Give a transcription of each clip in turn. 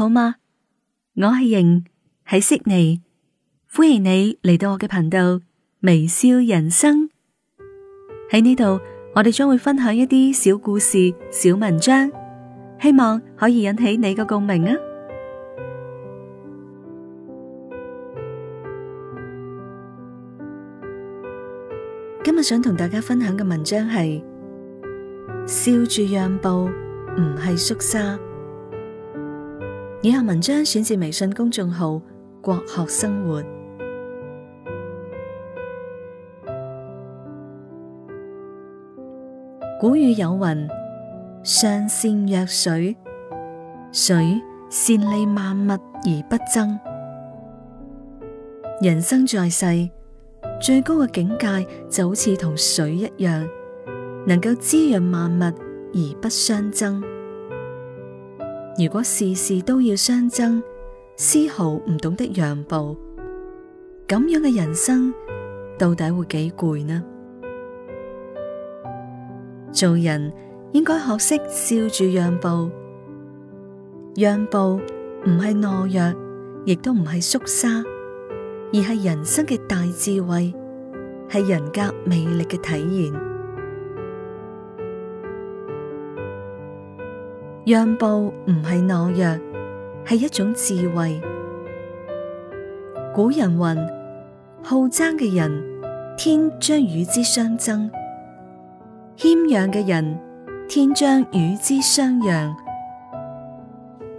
好嗎？我係瑩，喺悉尼，歡迎你嚟到我嘅頻道微笑人生。喺呢度，我哋將會分享一啲小故事、小文章，希望可以引起你嘅共鳴啊！今日想同大家分享嘅文章係：笑住讓步，唔係縮沙。以下文章選自微信公眾號《國學生活》。古語有云：上善若水，水善利萬物而不爭。人生在世，最高嘅境界就好似同水一樣，能夠滋養萬物而不相爭。如果事事都要相爭，絲毫唔懂得讓步，咁樣嘅人生到底會幾攰呢？做人應該學識笑住讓步，讓步唔係懦弱，亦都唔係縮沙，而係人生嘅大智慧，係人格魅力嘅體現。讓步唔係懦弱，係一種智慧。古人云：好爭嘅人，天將與之相爭；謙讓嘅人，天將與之相讓。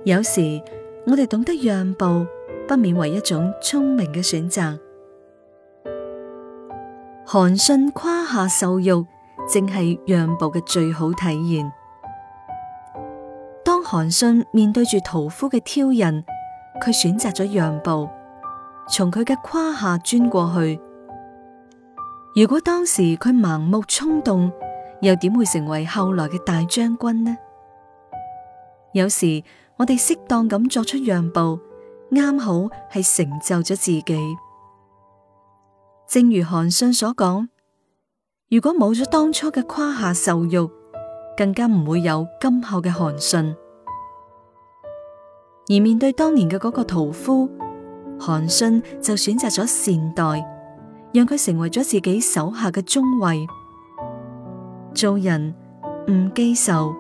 有時我哋懂得讓步，不免為一種聰明嘅選擇。韓信胯下受辱，正係讓步嘅最好體現。韓信面對住屠夫嘅挑釁，佢選擇咗讓步，從佢嘅胯下鑽過去。如果當時佢盲目衝動，又點會成為後來嘅大將軍呢？有時我哋適當咁作出讓步，啱好係成就咗自己。正如韓信所講，如果冇咗當初嘅胯下受辱，更加唔會有今后嘅韓信。而面對當年嘅嗰個屠夫，韓信就選擇咗善待，讓佢成為咗自己手下嘅中尉。做人唔記仇，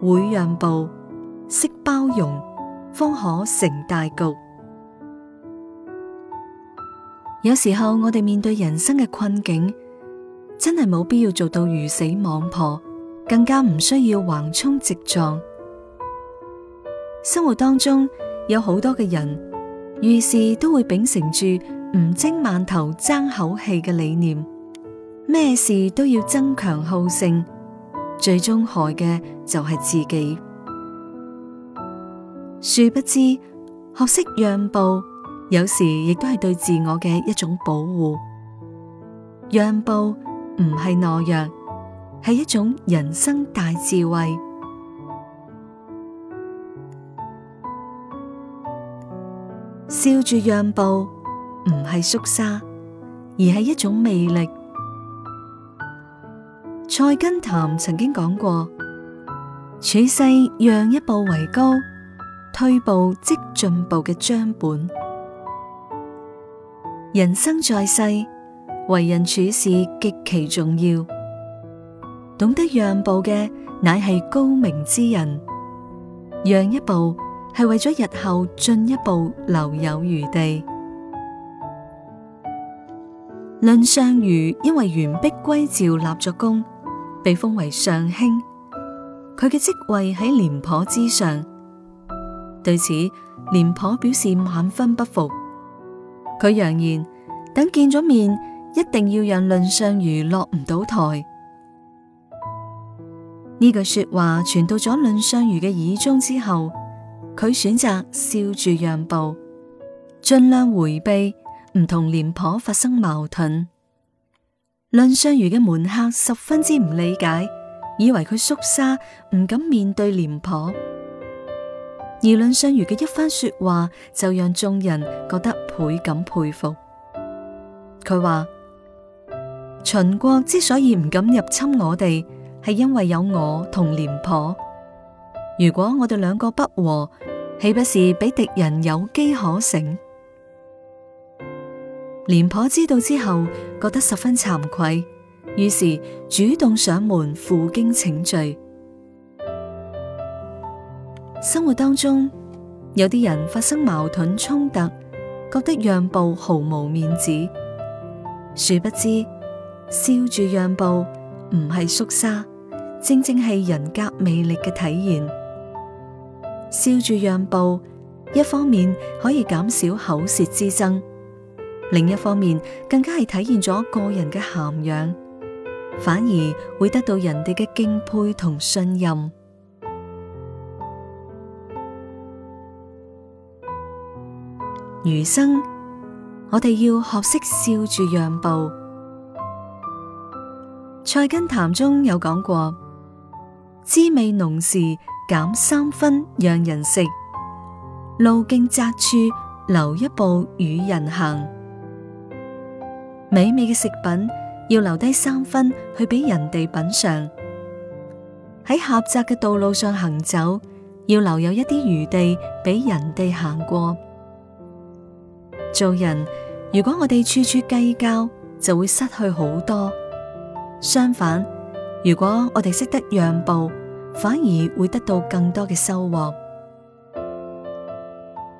會讓步，識包容，方可成大局。有時候我哋面對人生嘅困境，真係冇必要做到魚死網破，更加唔需要橫衝直撞。生活當中有好多嘅人遇事都會秉承住唔蒸饅頭爭口氣嘅理念，咩事都要爭強好勝，最終害嘅就係自己。殊不知學識讓步，有時亦都係對自我嘅一種保護。讓步唔係懦弱，係一種人生大智慧。笑住讓步，唔係縮沙，而係一種魅力。菜根譚曾經講過：處世讓一步為高，退步即進步嘅張本。人生在世，為人處事極其重要，懂得讓步嘅乃係高明之人，讓一步。係為咗日後進一步留有餘地。論相如因為完璧歸趙立咗功，被封為上卿。佢嘅職位喺廉頗之上，對此廉頗表示萬分不服。佢揚言：等見咗面，一定要讓論相如落唔到台。呢句說話傳到咗論相如嘅耳中之後。佢選擇笑住讓步，盡量回避，唔同廉頗發生矛盾。藺相如嘅門客十分之唔理解，以為佢縮沙，唔敢面對廉頗。而藺相如嘅一番說話就讓眾人覺得倍感佩服。佢話：秦國之所以唔敢入侵我哋，係因為有我同廉頗。如果我哋兩個不和，豈不是俾敵人有機可乘？廉頗知道之後，覺得十分慚愧，於是主動上門負荊請罪。生活當中有啲人發生矛盾衝突，覺得讓步毫無面子，殊不知笑住讓步唔係縮沙，正正係人格魅力嘅體現。笑住讓步，一方面可以減少口舌之爭，另一方面更加係體現咗個人嘅涵養，反而會得到人哋嘅敬佩同信任。餘生，我哋要學識笑住讓步。菜根譚中有講過。滋味濃時減三分讓人食，路徑窄處留一步與人行。美味嘅食品要留低三分去俾人哋品嘗，喺狹窄嘅道路上行走要留有一啲餘地俾人哋行過。做人如果我哋處處計較，就會失去好多。相反，如果我哋識得讓步，反而會得到更多嘅收穫。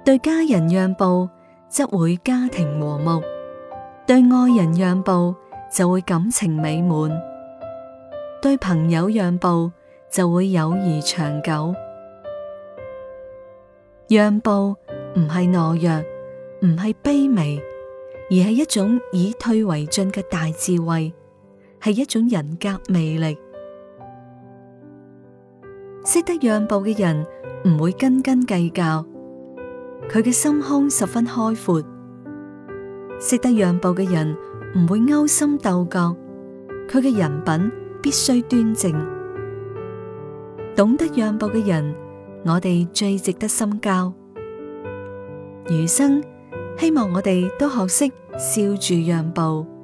對家人讓步，則會家庭和睦；對愛人讓步，就會感情美滿；對朋友讓步，就會友誼長久。讓步唔係懦弱，唔係卑微，而係一種以退為進嘅大智慧。係一種人格魅力，識得讓步嘅人唔會斤斤計較，佢嘅心胸十分開闊。識得讓步嘅人唔會勾心鬥角，佢嘅人品必須端正。懂得讓步嘅人，我哋最值得深交。餘生，希望我哋都學識笑住讓步。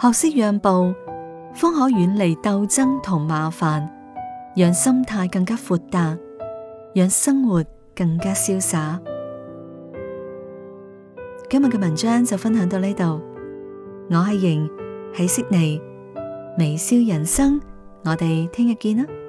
學識讓步，方可遠離鬥爭同麻煩，讓心態更加闊達，讓生活更加瀟灑。今日嘅文章就分享到呢度，我係瑩，喺悉尼微笑人生，我哋聽日見啦。